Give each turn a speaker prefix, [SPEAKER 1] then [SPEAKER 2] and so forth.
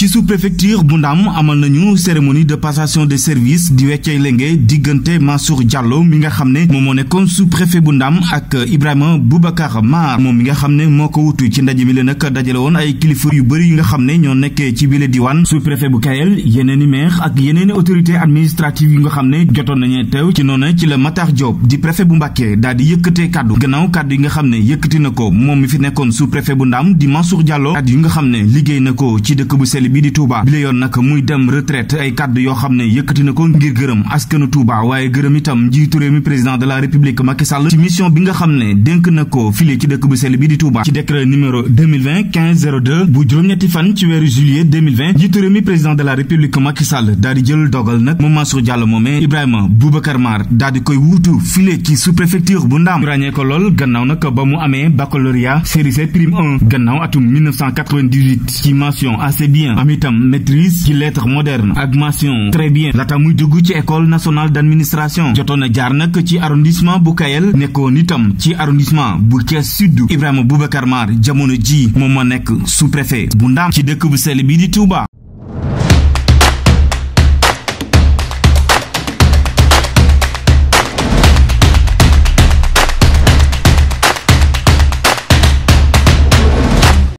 [SPEAKER 1] ci sous-préfecture bu Ndam amal nañu cérémonie de passation de service di weccee lenge diggante Mansour Diallo mi nga xam ne moom moo nekkoon sous-préfet bu Ndam ak Ibrahima Boubacar Mar moom mi nga xam ne moo ko wutu ci ndaje mi la nag dajale woon ay kilifa yu bëri yi nga xam ne ñoo nekkee ci bile diwaan sous-préfet bu Kayel yeneen i maire ak yeneen i autorité administrative yi nga xam ne jotoon nañu teew ci noonu ci la Matar Diop di préfet bu Mbacké daal di yëkkatee kàddu gannaaw kàddu yi nga xam ne yëkkati na ko moom mi fi nekkoon sous-préfet bu Ndam di Mansour Diallo kàddu nga xam ne liggéey na ko ci dëkk bu bii di Touba bi la yoon nag muy dem retraite ay kàddu yoo xam ne yëkkati na ko ngir gërëm askanu Touba waaye gërëm itam njiitu réew président de la république Macky Sall ci mission bi nga xam ne dénk na ko file ci dëkk bu sell bii di Touba ci décret numéro 2020 15 02 bu juróom-ñetti fan ci weeru juillet 2020 njiitu réew mi président de la république Macky Sall daal di jël dogal nag moom Mansour Diallo moomee Ibrahima Boubacar Mar daal di koy wuutu file ci sous-préfecture bu Ndaam ràññee ko lool gannaaw nag ba mu amee baccalauréat série C prime gannaaw atum 1998 ci mention bien am itam maîtrise ci lettres modernes ak mention très bien laata muy dugg ci école nationale d'administration jotoon na jaar nag ci arrondissement bu Kayel nekkoon ci arrondissement bu Thiès Sud Ibrahima Boubacar Mar jamono ji moom ma nekk su préfet bu ndaam ci dëkk bu sell bi di Touba.